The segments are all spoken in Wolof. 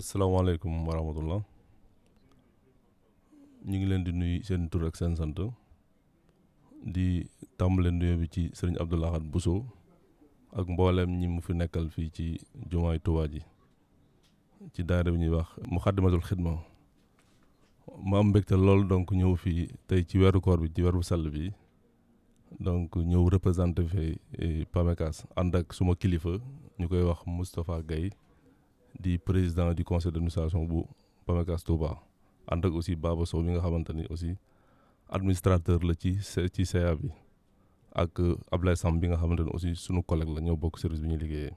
asalaamaaleykum wa rahmatullah ñu ngi leen di nuyu seen tur ak seen sant di tàmbale nuyoo bi ci sëriñ Abdoul Ahad Bousso ak mbooleem ñi mu fi nekkal fii ci jumaay Tuubaa ji ci daara bi ñuy wax Muxaddamatul Xidma mu am mbégte lool donc ñëw fii tey ci weeru koor bi ci weeru sell bi donc ñëw représente fi eh, PAMECAS ànd ak suma kilifa ñu koy wax Moustapha Gaye di président di conseil d' administration bu Pamecas Touba ànd ak aussi Baba Sow mi nga xamante ni aussi administrateur la ci ci bi ak euh, Ablaye Sam bi nga xamante ne aussi sunu collègue la ñëw bokk service bi ñuy liggéeyee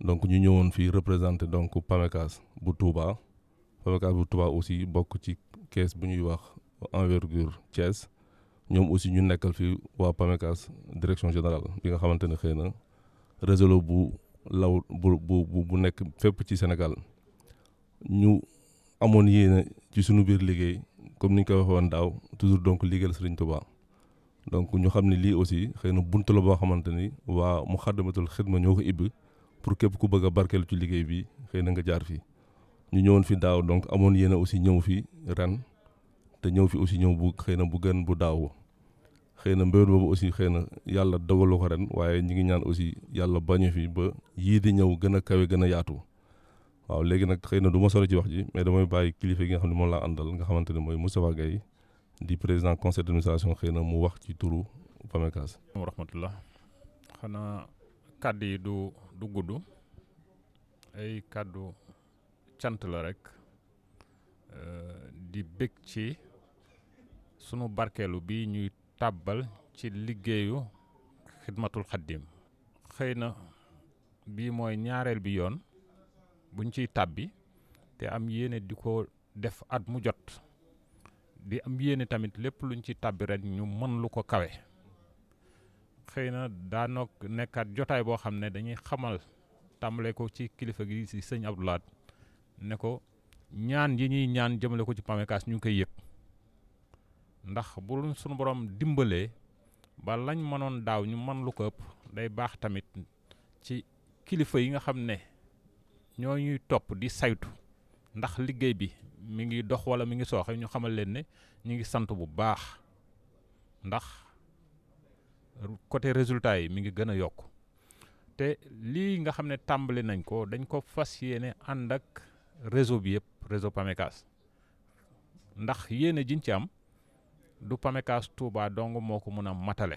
donc ñu ñëwoon fii représenté donc Pamecas bu Touba Pamecas bu Touba aussi bokk ci kees bu ñuy wax envergure Thiès ñoom aussi ñu nekkal fi waa Pamecas direction générale bi nga xamante ne xëy na réseau bu. law bu bu bu nekk fépp ci Sénégal ñu amoon yéene ci sunu biir liggéey comme ni ñu ko daaw toujours donc liggéeyal Serigne Touba donc ñu xam ne lii aussi xëy na bunt la boo xamante ni waa mu xaddamatul xidma ñoo ko ibbi pour képp ku bëgg a barkeelu ci liggéey bi xëy na nga jaar fii ñu ñëwoon fi daaw donc amoon yéene aussi ñëw fi ren te ñëw fi aussi ñëw bu xëy na bu gën bu daaw xëy na mbéyoon boobu aussi xëy na yàlla dogalu ko ren waaye ñu ngi ñaan aussi yàlla bañu fi ba yii di ñëw gën a kawe gën a yaatu waaw léegi nag xëy na du ma solo ci wax ji mais damay bàyyi kilifa gi nga xam ne moom laa àndal nga xamante ne mooy Moustapha Gaye di président conseil d'administration xëy na mu wax ci turu PAMECAS. wa rahmatullah xanaa kàdd yi du gudd ay kàddu cant la rek euh, di bég ci sunu barkeelu bi ñuy. tàbbal ci liggéeyu xidmatul xaddim xëy na bii mooy ñaareel bi yoon buñ ciy tàbbi te am yéene di ko def at mu jot di am yéene tamit lépp luñ ci tàbbi ren ñu mën lu ko kawe xëy na daanoo nekkaat jotaay boo xam ne dañuy xamal tàmbale ko ci kilifa gi si sëñ Abdou Lahad ne ko ñaan yi ñuy ñaan jëmale ko ci Pamecas ñu koy yëg ndax bu suñu borom dimbalee ba lañ mënoon daaw ñu mën lu ko ëpp day baax tamit ci kilifa yi nga xam ne ñoo ñuy topp di saytu ndax liggéey bi mi ngi dox wala mi ngi sooxe ñu xamal leen ne ñu ngi sant bu baax ndax côté résultat yi mi ngi gën a yokk te lii nga xam ne tàmbali nañ ko dañ ko fas yéene ànd ak réseau bi yëpp réseau PAMECAS ndax yéene jiñ ci am du PAMECAS Touba dong moo ko mën a matale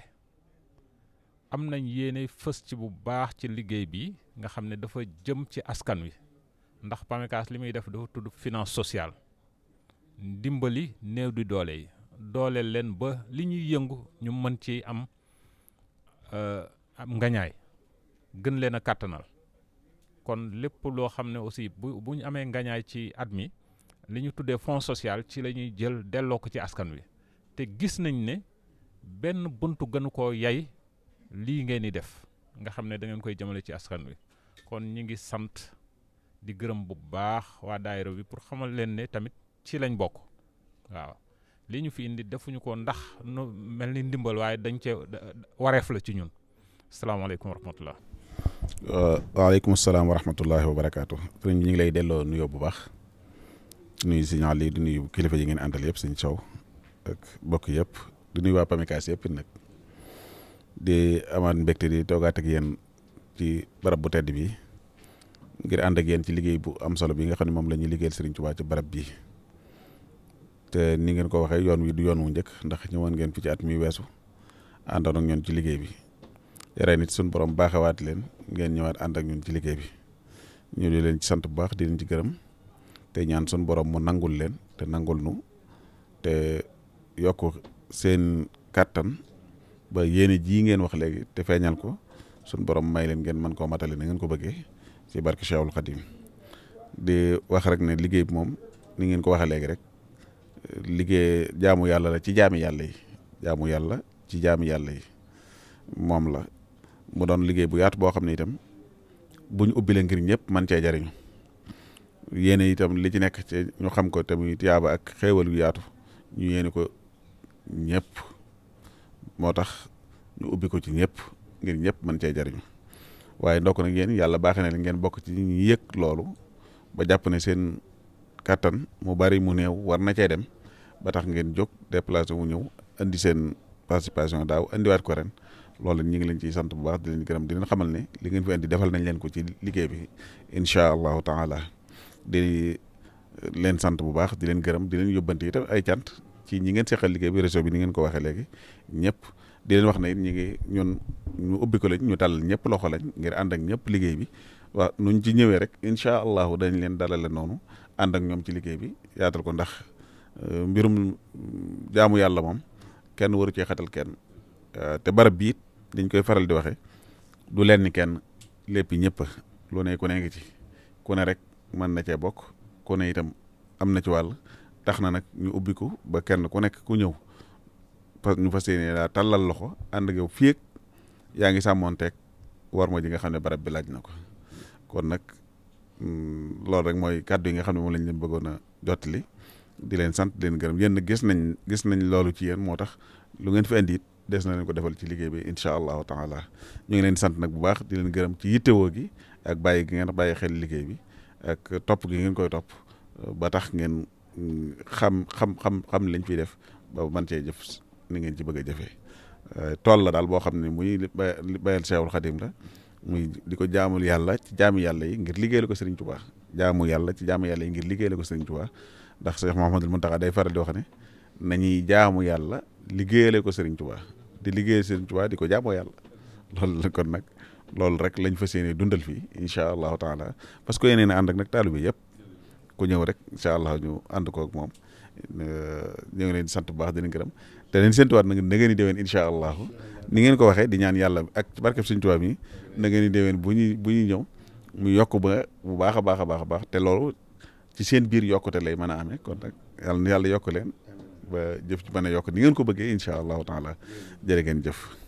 am nañ yéene fës ci bu baax ci liggéey bi nga xam ne dafa jëm ci askan wi ndax PAMECAS li muy def dafa tudd finance sociale ndimbali néew di doole yi doole leen ba li ñuy yëngu ñu mën ci am am ngañaay gën leen a kàttanal kon lépp loo xam ne aussi bu bu ñu amee ngañaay ci at mi li ñu tuddee fonds sociale ci la ñuy jël delloo ko ci askan wi te gis nañ ne benn bunt gënu ko yay lii ngeen di def nga xam ne dangeen koy jëmale ci askan wi kon ñi ngi sant di gërëm bu baax waa daayira bi pour xamal leen ne tamit ci lañ bokk waaw lii ñu fi indi defuñu ko ndax nu mel ni ndimbal waaye dañ cee wareef la ci ñun salaamaaleykum wa rahmatullah euh, waaleykum salaam wa barakaatu sëriñ bi ñu ngi lay delloo nuyoo bu baax nuyu signal yi di nuy kilifa yi ngeen àndal yëpp sëñ Thiaw ak bokk yëpp di nuyu waa PAMECAS yëpp nag di amaat mbégte di toogaat ak yen ci barab bu tedd bi ngir ànd ak yéen ci liggéey bu am solo bi nga xam ne moom la ñuy liggéeyal Serigne Touba ci barab bi te ni ngeen ko waxee yoon wi du yoon wu njëkk ndax ñëwoon ngeen fi ci at mi weesu àndoon ak ñun ci liggéey bi yare nit suñu borom baaxewaat leen ngeen ñëwaat ànd ak ci liggéey bi ñu leen ci sant bu baax di ci gërëm te ñaan suñu borom mu nangul leen te nangul nu te yokk seen kàttan ba yéene jii ngeen wax léegi te feeñal ko suñ borom may leen ngeen man koo matale na ngeen ko bëggee ci barke Cheikhul Khadim di wax rek ne liggéey bi moom ni ngeen ko waxee léegi rek liggéey jaamu yàlla la ci jaami yàlla jaamu yàlla ci jaami yàlla moom la mu doon liggéey bu yaatu boo xam ne itam buñ ubbi ngir ñëpp man cee jariñu yéene itam li ci nekk ci ñu xam ko tamit yaaba ak xéewal yaatu ñu yéene ko ñëpp moo tax ñu ubbi ko ci ñëpp ngir ñëpp mën cee jariñu waaye ndokk nag yéen yàlla baaxee na ngeen bokk ci ñu yëkk loolu ba jàpp ne seen kattan mu bari mu new war na cee dem ba tax ngeen jóg déplacé wu ñëw indi seen participation daaw indiwaat ko ren loolu ñu ngi leen ciy sant bu baax di leen gërëm di leen xamal ne li ngeen fi indi defal nañ leen ko ci liggéey bi incha allahu taala di leen sant bu baax di leen gërëm di leen yóbbante itam ay cant ci ñi ngeen seqal liggéey bi réseau bi ni ngeen ko waxee léegi ñëpp di leen wax ne it ñi ngi ñun ñu ubbi ko lañ ñu tàllal ñëpp loxo lañ ngir ànd ak ñëpp liggéey bi waaw nuñ ci ñëwee rek incha allahu dañ leen dalale noonu ànd ak ñoom ci liggéey bi yaatal ko ndax euh, mbirum jamu yàlla moom kenn waru cee xatal kenn euh, te barab bi it dañ koy faral di waxe du leen ni kenn lépp ñëpp lu ne ku ngi ci ku rek mën na cee bokk ku ne itam am na ci wàll tax na nag ñu ubbi ko ba kenn ku nekk ku ñëw parce que ñu fas yéene daa tàllal loxo ànd ak yow fii yaa ngi sàmmoonteeg war ma ji nga xam ne barab bi laaj na ko kon nag mm, loolu rek mooy kàddu yi nga xam ne moom lañ leen bëggoon a jottali di leen sant di leen gërëm yenn gis nañ gis nañ loolu ci yéen moo tax lu ngeen fi indi des na leen ko defal ci liggéey bi incha allahu taala ñu ngi leen sant nag bu baax di leen gërëm ci yittewoo gi ak bàyyi gi ngeen bàyyi xel liggéey bi ak topp gi ngeen koy topp xam xam xam xam lañ fiy def ba man cee jëf ni ngeen ci bëgg a jëfee euh, tool la daal boo xam ne muy bayal Seexul Xadim la muy di ko jaamul yàlla ci jaamu yàlla yi ngir liggéeyal ko Serigne Touba jaamu yàlla ci jaamu yàlla yi ngir liggéeyal ko Serigne Touba ndax Cheikh Mouhamadul Mountakha day faral di wax ne nañuy jaamu yàlla liggéeyale ko Serigne Touba di liggéeyal Serigne Touba di ko jaamoo yàlla loolu la kon nag loolu rek lañ fa yéene dundal fii incha allahu taala parce que yéeneen ànd ak nag taalu bi yëpp. ku ñëw rek incha allah ñu ànd kook moom uh, ñu ngi leen di sant bu baax dinañ gërëm te leen séntuwaat nag na ngeen di déwén incha allah ni ngeen ko waxee di ñaan yàlla ak barkeb Sëñ Tuubaa yi na ngeen di déwén bu ñuy bu ñuy ñëw mu yokk ba bu baax a baax a baax a baax te loolu ci seen biir yokkute lay mën a amee kon nag yàlla yàlla yokk leen ba jëf ci mën yokk ni ngeen ko bëggee incha allahu taala jërë ngeen jëf